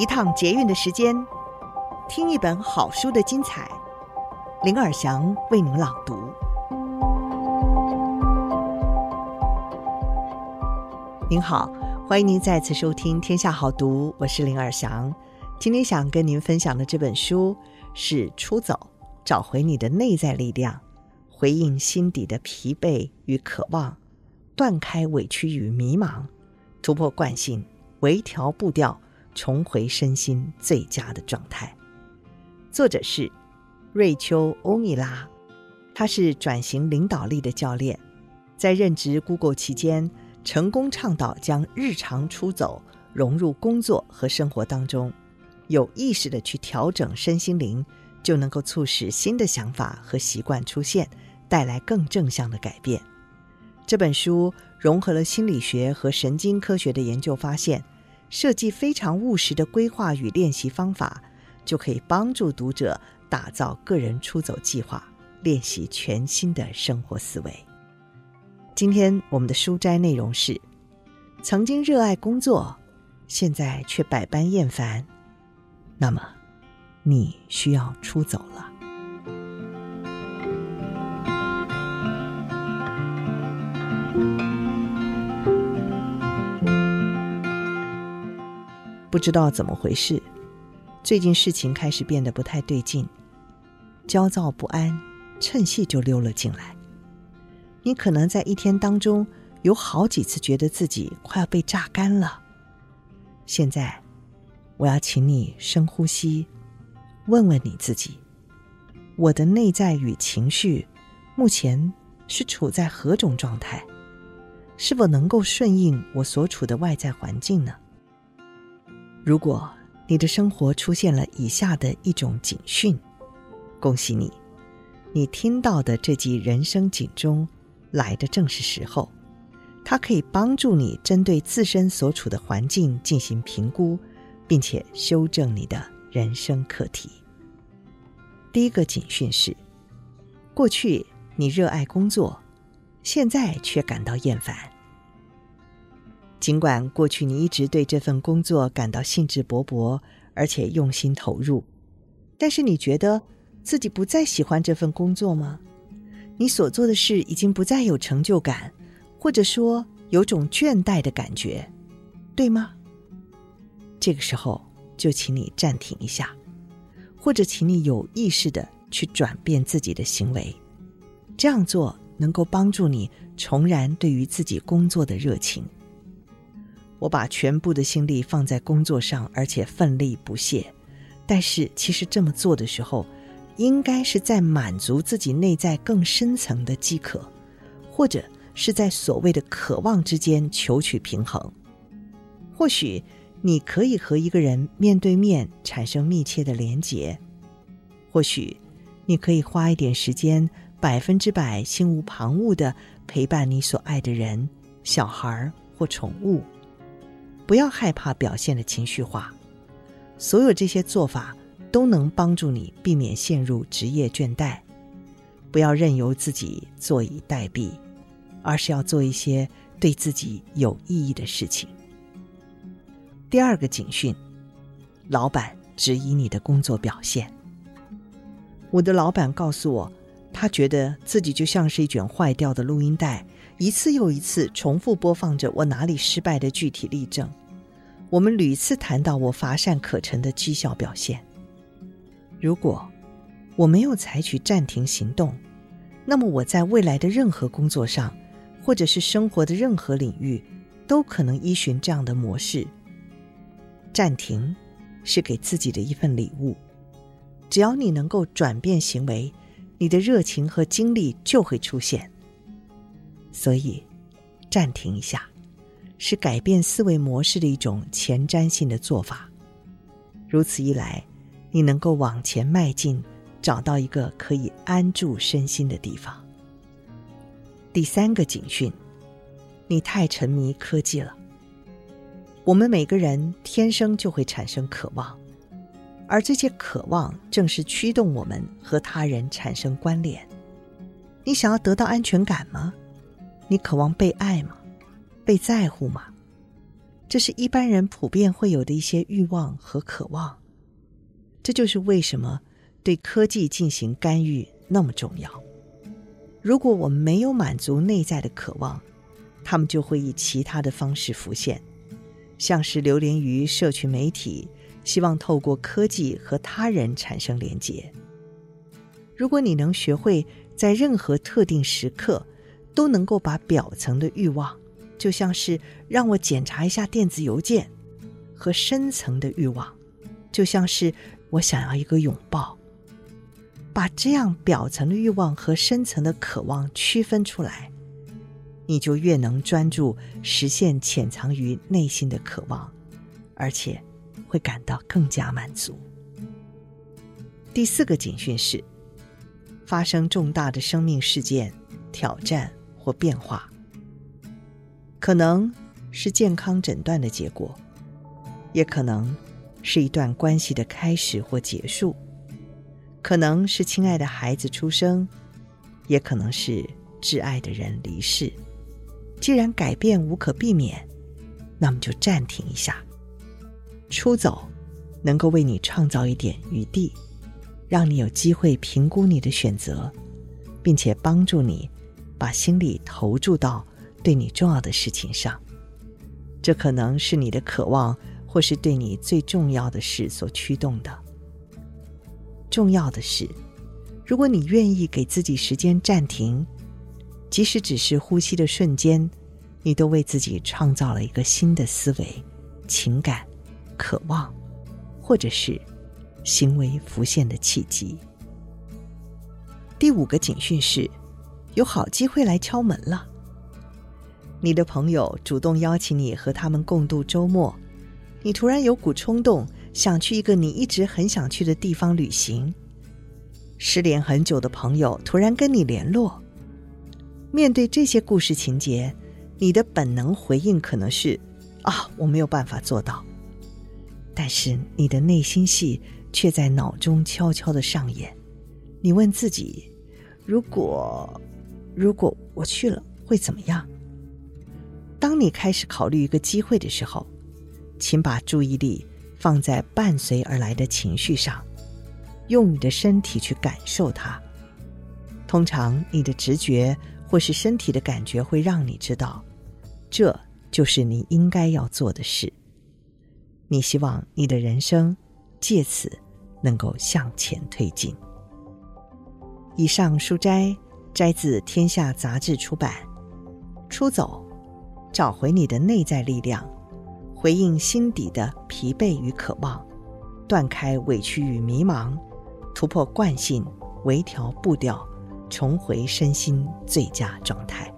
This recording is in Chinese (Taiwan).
一趟捷運的時間，聽一本好書的精彩。凌爾祥為您朗讀。您好，歡迎您再次收聽《天下好讀》，我是凌爾祥。今天想跟您分享的這本書是《出走》，找回你的內在力量，回應心底的疲憊與渴望，斷開委屈與迷茫，突破慣性，微調步調。重回身心最佳的狀態。作者是瑞秋·歐米拉，她是轉型領導力的教練，在任職 Google 期間，成功倡導將日常出走融入工作和生活當中，有意識地去調整身心靈，就能夠促使新的想法和習慣出現，帶來更正向的改變。這本書融合了心理學和神經科學的研究發現。設計非常務實的規劃與練習方法，就可以幫助讀者打造個人出走計劃，練習全新的生活思維。今天我們的書摘內容是：曾經熱愛工作，現在卻百般厭煩，那麼你需要出走了。不知道怎麼回事，最近事情開始變得不太對勁，焦躁不安，趁隙就溜了進來。你可能在一天當中有好幾次覺得自己快要被榨乾了。現在，我要請你深呼吸，問問你自己：我的內在與情緒目前是處在何種狀態？是否能夠順應我所處的外在環境呢？如果你的生活出現了以下的一種警訊，恭喜你，你聽到的這集人生警鐘來的正是時候，它可以幫助你針對自身所處的環境進行評估，並且修正你的人生課題。第一個警訊是，過去你熱愛工作，現在卻感到厭煩。儘管過去你一直對這份工作感到興致勃勃，而且用心投入，但是你覺得自己不再喜歡這份工作嗎？你所做的事已經不再有成就感，或者說有種倦怠的感覺，對嗎？這個時候就請你暫停一下，或者請你有意識的去轉變自己的行為，這樣做能夠幫助你重燃對於自己工作的熱情。我把全部的心力放在工作上，而且奮力不懈。但是，其實這麼做的時候，應該是在滿足自己內在更深層的飢渴，或者是在所謂的渴望之間求取平衡。或許你可以和一個人面對面產生密切的連結；或許你可以花一點時間，百分之百心無旁騖地陪伴你所愛的人、小孩或寵物。不要害怕表現的情緒化，所有這些做法都能幫助你避免陷入職業倦怠。不要任由自己坐以待斃，而是要做一些對自己有意義的事情。第二個警訊：老闆質疑你的工作表現。我的老闆告訴我，他覺得自己就像是一卷壞掉的錄音帶。一次又一次重複播放着我哪裡失敗的具體例證，我們屢次談到我乏善可陳的績效表現。如果我沒有採取暫停行動，那麼我在未來的任何工作上，或者是生活的任何領域，都可能依循這樣的模式。暫停是給自己的一份禮物。只要你能夠轉變行為，你的熱情和精力就會出現。所以，暫停一下，是改變思維模式的一種前瞻性的做法。如此一來，你能夠往前邁進，找到一個可以安住身心的地方。第三個警訊，你太沉迷科技了。我們每個人天生就會產生渴望，而這些渴望正是驅動我們和他人產生關聯。你想要得到安全感嗎？你渴望被愛嗎？被在乎嗎？這是一般人普遍會有的一些慾望和渴望。這就是為什麼對科技進行干預那麼重要。如果我們沒有滿足內在的渴望，他們就會以其他的方式浮現，像是流連於社群媒體，希望透過科技和他人產生連接。如果你能學會在任何特定時刻，都能夠把表層的慾望，就像是讓我檢查一下電子郵件，和深層的慾望，就像是我想要一個擁抱。把這樣表層的慾望和深層的渴望區分出來，你就越能專注實現潛藏於內心的渴望，而且會感到更加滿足。第四個警訊是，發生重大的生命事件挑戰。變化，可能是健康診斷的結果，也可能是一段關係的開始或結束，可能是親愛的孩子出生，也可能是摯愛的人離世。既然改變無可避免，那麼就暫停一下。出走能夠為你創造一點餘地，讓你有機會評估你的選擇，並且幫助你。把心力投注到對你重要的事情上，這可能是你的渴望，或是對你最重要的事所驅動的。重要的是，如果你願意給自己時間暫停，即使只是呼吸的瞬間，你都為自己創造了一個新的思維、情感、渴望，或者是行為浮現的契機。第五個警訊是。有好機會來敲門了。你的朋友主動邀請你和他們共度周末，你突然有股衝動，想去一個你一直很想去的地方旅行。失聯很久的朋友突然跟你聯絡，面對這些故事情節，你的本能回應可能是：“啊，我沒有辦法做到。”但是你的內心戲卻在腦中悄悄的上演。你問自己：“如果……”如果我去了會怎麼樣？當你開始考慮一個機會的時候，請把注意力放在伴隨而來的情緒上，用你的身體去感受它。通常，你的直覺或是身體的感覺會讓你知道，這就是你應該要做的事。你希望你的人生借此能夠向前推進。以上書齋。摘自《天下》雜誌出版，《出走》，找回你的內在力量，回應心底的疲憊與渴望，斷開委屈與迷茫，突破慣性，微調步調，重回身心最佳狀態。